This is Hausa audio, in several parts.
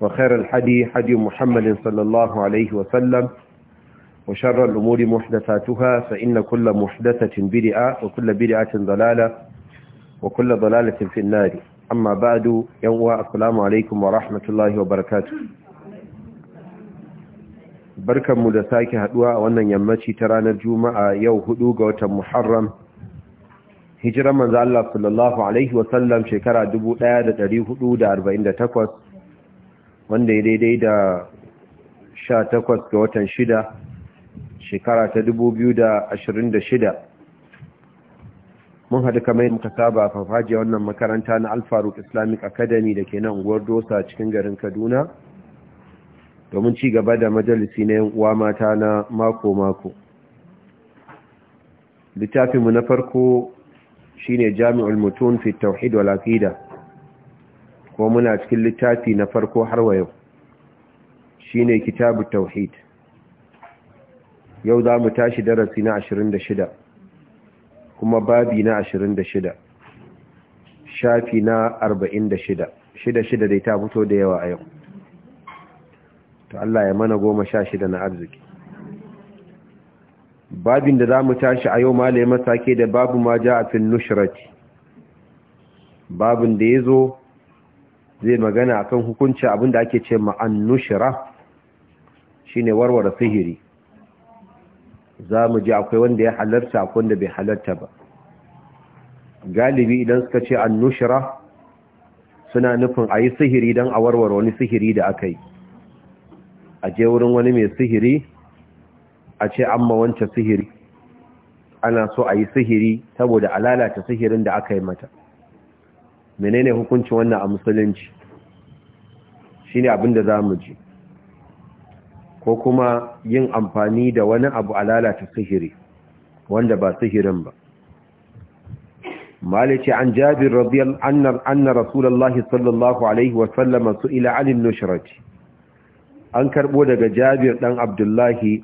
وخير الحدي حدي محمد صلى الله عليه وسلم وشر الأمور محدثاتها فإن كل محدثة بدعة وكل بدعة ضلالة وكل ضلالة في النار أما بعد يوم السلام عليكم ورحمة الله وبركاته barkan mu da sake haduwa a wannan yammaci ta ranar juma'a yau hudu ga watan muharram hijiran manzo Allah sallallahu alaihi wasallam shekara 1448 wanda ya daidai da sha takwas ga watan shida shekara ta dubu biyu da ashirin da shida mun haɗu kamar muka saba farfajiya wannan makaranta na alfaruk islamic academy da ke nan guwar dosa cikin garin kaduna domin ci gaba da majalisi na yin uwa mata na mako-mako littafinmu na farko shine jami'ul mutum fi tauhid wal aqida Ko muna cikin littafi na farko har wa yau Shi ne kitabu tauhid yau za mu tashi darasi na 26 kuma babi na 26 shafi na 46 shida shida dai ta fito da yawa a yau to Allah ya mana goma sha shida na arziki babin da za mu tashi a yau malaye masake da babu ma ja a fin nushirati babin da ya zo zai magana akan hukunci abinda ake ce shi shine warware sihiri za mu ji akwai wanda ya halarta akwai wanda bai halarta ba galibi idan suka ce annushira suna nufin a yi sihiri don a warware wani sihiri da aka yi a je wurin wani mai sihiri a ce an mawanta sihiri ana so a yi sihiri saboda a lalata sihirin da aka yi mata menene hukunci wannan a musulunci ne abin da zamu ji ko kuma yin amfani da wani abu a lalata sihiri wanda ba sihirin ba malice عن جابر رضي الله عنه أن رسول الله صلى الله عليه وسلم an karbo daga Jabir dan Abdullahi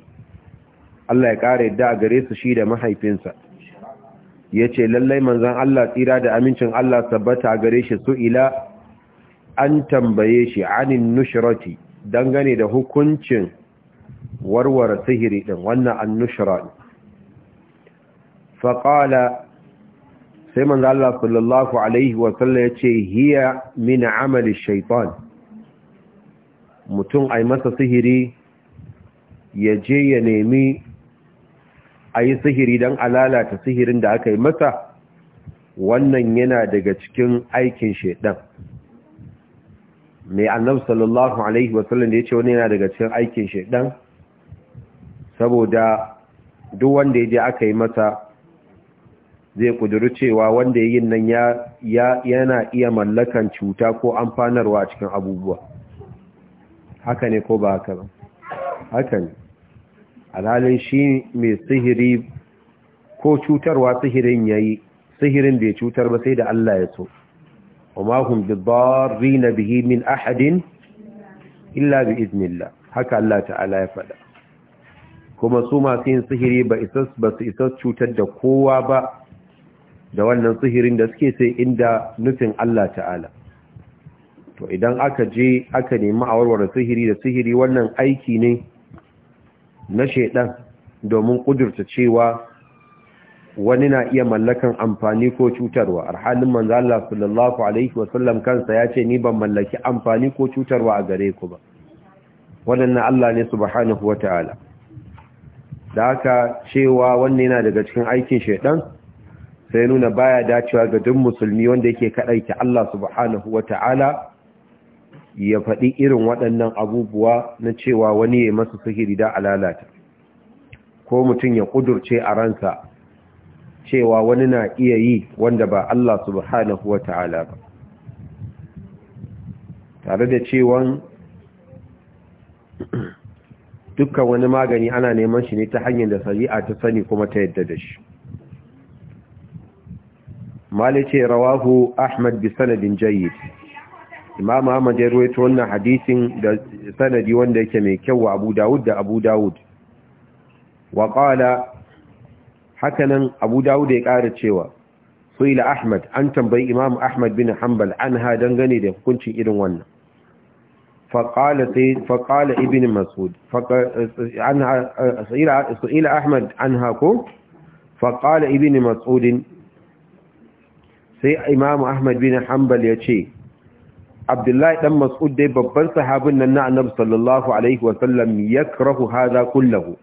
Allah ya kare da gare su shi da mahaifinsa ya ce lallai manzan Allah tsira da amincin Allah sabbata gare shi su ila an tambaye shi anin nushirati dangane da hukuncin warware sihiri din wannan an nushira faƙala sai manzan Allah sallallahu Alaihi wasallam ya ce hiya mini amalin shaitan mutum a masa sihiri ya je ya nemi a yi sihiri don lalata sihirin da aka yi masa wannan yana daga cikin aikin shaidan mai annab sallallahu alaihi wasallam da ya ce wani yana daga cikin aikin shaidan saboda duk wanda ya je aka yi masa zai kuduru cewa wanda ya yi nan yana iya mallakan cuta ko amfanarwa a cikin abubuwa haka ne ko ba haka ba haka ne alhalin shi mai sihiri ko cutarwa sihirin yayi sihirin bai cutar ba sai da Allah ya so وما هم bihi min ahadin illa bi iznillah Haka Allah ta'ala ya faɗa. kuma su masu yin sihiri ba su isa cutar da kowa ba da wannan sihirin da suke sai inda nufin Allah ta'ala to idan aka je aka nemi a warware sihiri da sihiri wannan aiki ne na shaidan domin kudurta cewa wani na iya mallakan amfani ko cutarwa halin manzo Allah sallallahu alaihi wasallam kansa yace ni ban mallaki amfani ko cutarwa a gare ku ba wannan Allah ne subhanahu wataala da haka cewa wannan yana daga cikin aikin shaidan sai nuna baya dacewa ga duk musulmi wanda yake kadaita Allah subhanahu wataala ya faɗi irin waɗannan abubuwa na cewa wani ya masu sihiri da alalata ko mutum ya ƙudurce a ransa cewa wani na iya yi wanda ba Allah subhanahu wa ta'ala ba tare da cewa dukkan wani magani ana neman shi ne ta hanyar da sari'a ta sani kuma ta yadda da shi malice rawahu ahmad bi sanadin jayyid imam ahmad ya ruwaito wannan hadisin da sanadi wanda yake mai kyau wa abu dawud da abu dawud wa Haka nan abu dawud ya ƙara cewa ila ahmad an tambayi imam ahmad bin hanbal an ha dangane da hukuncin irin wannan فقال ابن مسعود عنها سئل احمد عنها كو فقال ibn مسعود sai imamu ahmad bin hanbal ya ce abdullahi dan mas'ud dai babban sahabin nan na annabi sallallahu alaihi wasallam yakrahu kullahu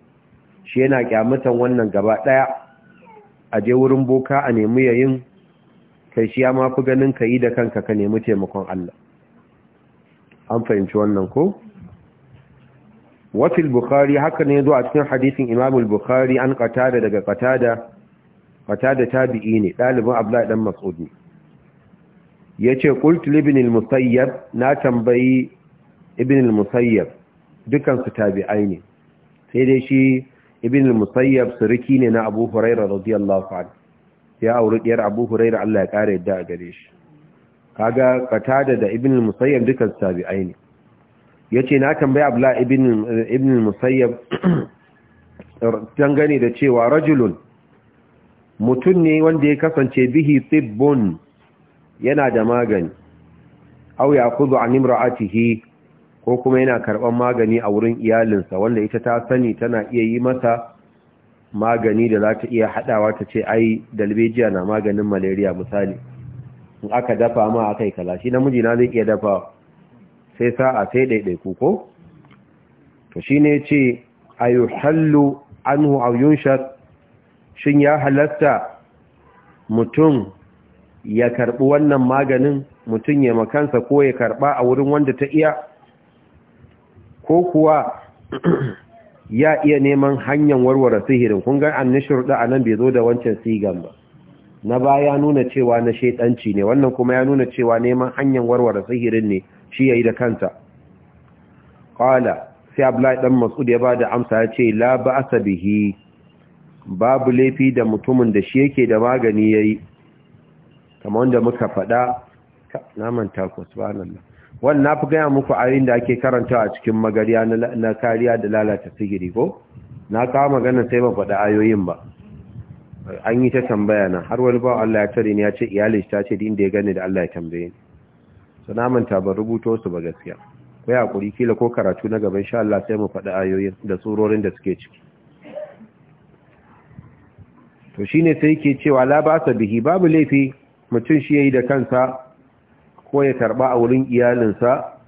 shi yana kyamatan wannan gaba daya a je wurin boka a nemi yayin kai shi ma fi ganin kai da kanka ka nemi taimakon Allah an fahimci wannan ko wafil bukhari haka ne zuwa cikin hadisin imam al-bukhari an qatada daga qatada qatada tabi'i ne dalibin abdullahi dan mas'ud ne yace qultu ibn al-musayyab na tambayi ibn al-musayyab dukan tabi'ai ne sai dai shi ibn al-musayyab suriki ne na Abu Hurairah radiyallahu anhu ya auri ɗiyar Abu Hurairah Allah ya kare yadda a gare shi kaga katada da ibn al-musayyab dukan tabi'ai ne yace na tambayi abla ibn ibn al-musayyab dangane da cewa rajulun mutum ne wanda ya kasance bihi tibbun yana da magani au ya kuzu an imra'atihi ko kuma yana karban magani a wurin iyalinsa wanda ita ta sani tana iya yi masa magani da za ta iya haɗawa ta ce ai dalbejiya na maganin malaria misali in aka dafa ma aka yi kalashi namiji na zai iya dafa sai sa'a sai ɗaiɗaiku ko to shi ne ce a yi hallu an hu'ayyun shin ya halatta mutum ya karɓi wannan maganin mutum ya makansa ko ya karɓa a wurin wanda ta iya ko kuwa ya iya neman hanyar warware sihirin kun ga annishir da anan bai zo da wancan sigan ba na baya nuna cewa na shaidanci ne wannan kuma ya nuna cewa neman hanyar warware sihirin ne shi ya yi da kanta Kwala, sai abdullahi dan mas'ud ya ba da amsa ya ce la ba asabihi babu laifi da mutumin da shi yake da magani ya yi. kamar wanda muka faɗa naman takwas ba wannan na fi gaya muku ayoyin da ake karantawa a cikin magariya na kariya da lalata sigiri ko na kawo magana sai ba faɗa ayoyin ba an yi ta tambaya na har wani ba Allah ya tare ni ya ce iyali ta ce din da ya gani da Allah ya tambaye ni so na manta ban rubuto su ba gaskiya ko ya kuri kila ko karatu na gaba insha Allah sai mu faɗi ayoyin da surorin da suke ciki to shine sai yake cewa la ba sa bihi babu laifi mutum shi ya yi da kansa ko ya tarba a wurin iyalinsa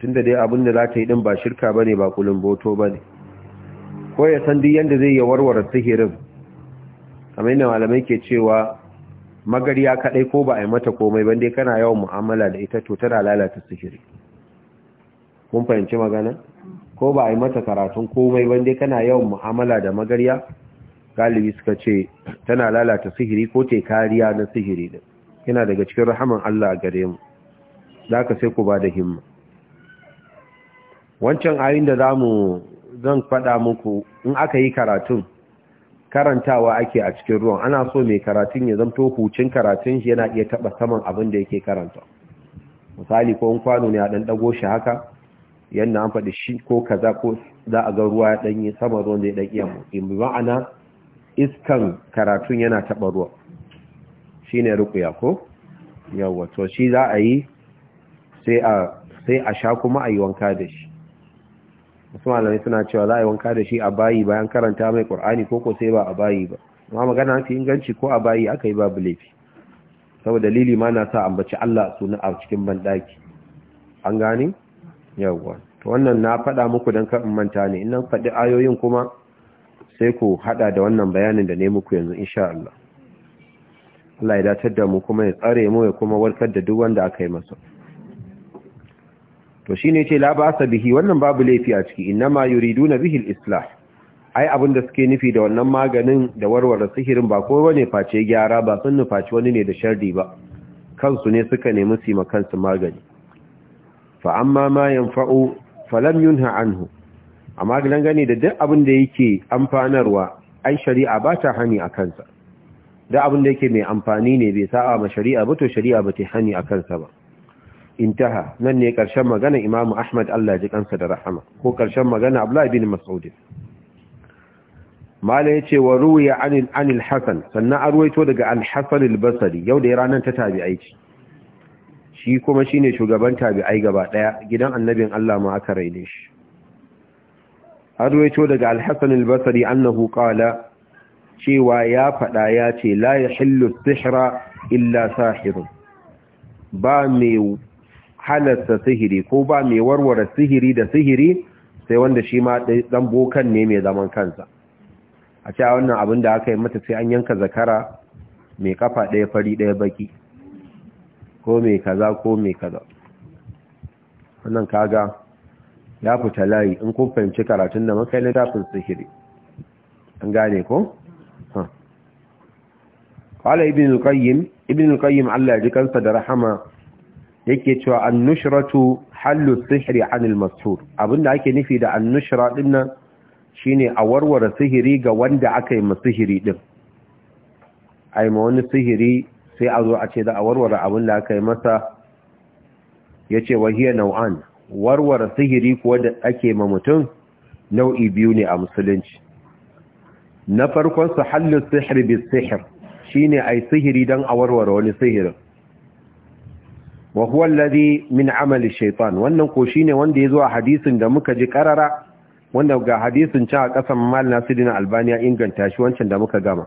tunda dai abin da za ta yi ɗin ba shirka ba ne ba boto ba ne ko ya san duk yadda zai ya warware sihirin kamar yadda malamai ke cewa ya kaɗai ko ba a yi mata komai ban dai kana yawan mu'amala da ita to tana lalata sihiri kun fahimci magana ko ba a yi mata karatun komai ban dai kana yawan mu'amala da magariya galibi suka ce tana lalata sihiri ko te kariya na sihiri din yana daga cikin rahaman Allah a gare mu da ka sai ku ba da himma wancan ayin da zamu zan faɗa muku in aka yi karatun karantawa ake a cikin ruwan ana so mai karatun ya zamto hucin karatun shi yana iya taba saman abin da yake karanta misali ko kwano ne a ɗan ɗago shi haka yadda an faɗi shi ko kaza ko za a ga ruwa ya ɗanyi sama ruwan da ya ɗan iya mu ma'ana iskan karatun yana taɓa ruwa ne rukuya ko yawa to shi za a yi sai a sha kuma a yi wanka da shi wasu malamai suna cewa za a yi wanka da shi a bayi bayan karanta mai Ƙur'ani ko ko sai ba a bayi ba amma magana mafi inganci ko a bayi aka yi babu laifi saboda dalili ma na sa ambaci Allah suna a cikin bandaki an gane yawa to wannan na faɗa muku don kan manta ne in nan faɗi ayoyin kuma sai ku haɗa da wannan bayanin da ne muku yanzu insha Allah Allah ya datar da mu kuma ya tsare mu ya kuma warkar da duk wanda aka yi masa to shine ce la ba sa bihi wannan babu laifi a ciki yuridu na bihi al-islah ai abin da suke nufi da wannan maganin da warware sihirin ba ko wani face gyara ba sun nufaci wani ne da sharri ba kansu ne suka nemi su ma kansu magani fa amma ma yanfa'u falam yunha anhu amma gani da duk abin da yake amfanarwa ai shari'a ba ta hani a kansa da abin da yake mai amfani ne bai sa'a ma shari'a ba to shari'a ba ta hani a kansa ba intaha nan ne ƙarshen magana imamu ahmad allah ji kansa da rahama ko ƙarshen magana abdullahi bin mas'ud mala yace wa ruwiya anil anil hasan sannan arwaito daga al-hasan al-basri yau da ranar ta tabi'ai ci shi kuma shine shugaban tabi'ai gaba daya gidan annabin allah ma aka raine shi arwaito daga al-hasan al-basri annahu qala cewa ya faɗa ya ce la ya hillu sihira illa sahirun ba mai halasta sihiri ko ba mai warware sihiri da sihiri sai wanda shi ma ɗan bokan ne mai zaman kansa a ce a wannan abin da aka yi mata sai an yanka zakara mai kafa ɗaya fari ɗaya baki ko mai kaza ko mai kaza wannan kaga ya fita layi in kun fahimci karatun da makai tafin sihiri an gane ko? qala ibn al-qayyim ibn al-qayyim Allah ji kansa da rahama yake cewa an-nushratu sihiri sihri anil mashur abinda ake nufi da an-nushra dinnan shine a warware sihiri ga wanda aka yi masihiri din ai ma wani sihiri sai a zo a ce da a warware abin da aka yi masa yace wahiya nau'an warware sihiri kuwa da ake ma mutum nau'i biyu ne a musulunci na farkon su hallu sihiri bis sihir Shi a ai sihiri don a warware wani sihirin wa huwa min amali shaitan. wannan ko shine wanda zo a hadisin da muka ji karara wanda ga hadisin can a kasan mal nasirin albaniya inganta shi wancan da muka gama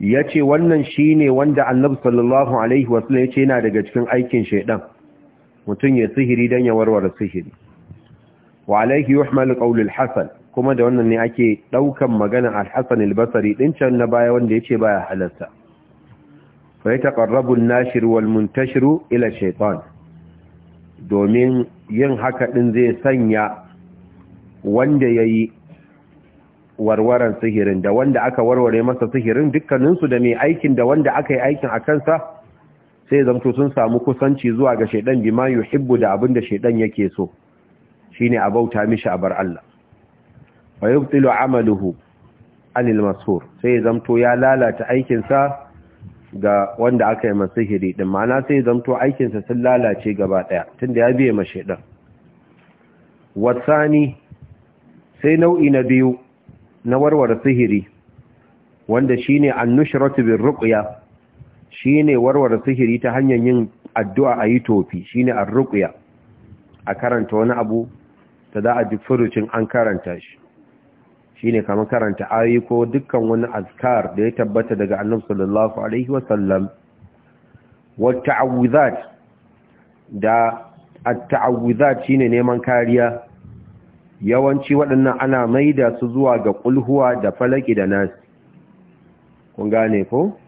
Ya ce wannan shine wanda annabi sallallahu alaihi ya ce yana daga cikin aikin shaidan. Mutum ya sihiri don ya warware sihiri wa alaihi yuhmal qawl al-hasan kuma da wannan ne ake ɗaukan magana al-hassan al-basari ɗin can na baya wanda ya ce baya halarta fai taƙarrabun nashir wal muntashir ila shaitan domin yin haka ɗin zai sanya wanda ya warwaran sihirin da wanda aka warware masa sihirin dukkaninsu da mai aikin da wanda aka yi aikin a kansa sai zamto sun samu kusanci zuwa ga shaidan bima yuhibbu da abin da yake so shine a bauta mishi abar Allah wa yubtilu amaluhu anil masur sai zamto ya lalata aikinsa ga wanda aka yi sihiri, din ma'ana sai zamto aikinsa sun lalace gaba daya tunda ya biye mashi din wasani sai nau'i na biyu na warware sihiri wanda shine annushratu birruqya shine warware sihiri ta hanyar yin addu'a ayi tofi shine rukuya a karanta wani abu ta za a ji furucin an karanta shi shine kamar karanta ayoyi ko dukkan wani azkar da ya tabbata daga annabi sallallahu alaihi wasallam wa ta'awuzat da at-ta'awuzat shine neman kariya yawanci waɗannan ana maida su zuwa ga kulhuwa da falaki da nas kun gane ko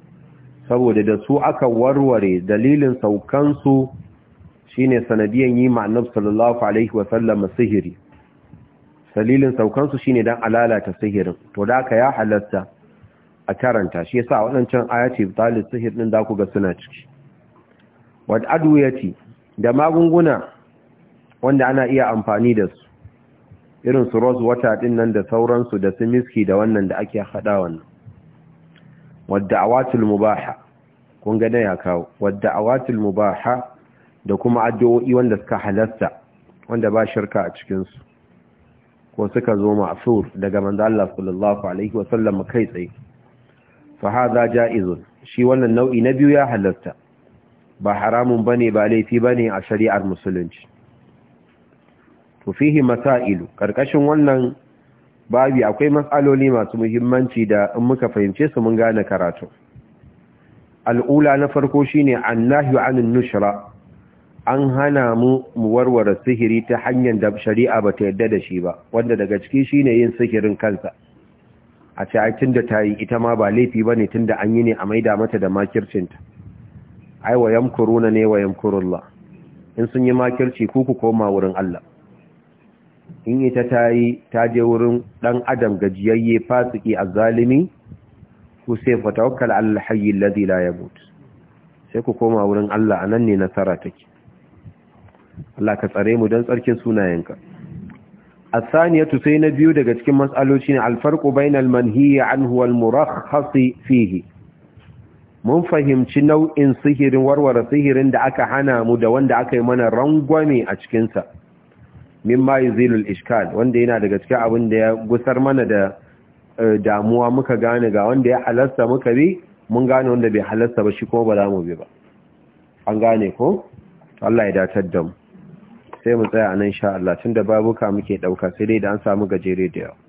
saboda da su aka warware dalilin saukansu shine sanadiyan yi ma ma'annab sallallahu alaihi wasallam sihiri dalilin saukansu shine dan alalata sihirin to da ka ya halatta a karanta shi yasa waɗancan ayati talib sihir din da ku ga suna ciki wa adwiyati da magunguna wanda ana iya amfani da su irin su rose water din nan da sauransu da su miski da wannan da ake hada wannan wa da'awatul mubaha kun ga ya kawo wa da'awatul mubaha da kuma addu'o'i wanda suka halatta wanda ba shirka a cikin su ko suka zo ma'sur daga manzo Allah sallallahu alaihi wa sallam kai tsaye fa hadha ja'izun shi wannan nau'i na biyu ya halarta ba haramun bane ba laifi bane a shari'ar musulunci to fihi masailu karkashin wannan babi akwai matsaloli masu muhimmanci da in muka fahimce su mun gane karatu al'ula na farko shine annahyu anin nushra an hana mu mu warware sihiri ta hanyar da shari'a ba ta yadda da shi ba wanda daga ciki shine yin sihirin kansa a ce ai tunda ta yi ita ma ba laifi ba ne tunda an yi ne a maida mata da makircinta ai wa yamkuruna ne wa yamkurullah in sun yi makirci ku ku koma wurin Allah in ita ta yi ta je wurin dan adam gajiyayye fasiki azzalimi ku sai fa tawakkal ala hayy alladhi la yamut sai ku koma wurin Allah anan ne nasara take Allah ka tsare mu don tsarkin sunayenka asaniyatu sai na biyu daga cikin matsaloci ne alfarqu bainal manhiyi anhu wal fihi mun fahimci nau'in sihirin warware sihirin da aka hana mu da wanda aka yi mana rangwame a cikinsa mimma yuzilul ishkal wanda yana daga cikin abin da ya gusar mana da eh, damuwa muka gane ga wanda ya halasta muka bi mun gane wanda bai halasta ba shi kuma ba za mu bi ba an gane ko Allah ya datar da mu sai mu tsaya a nan sha Allah tun da babuka muke ɗauka sai dai da an samu gajere da yawa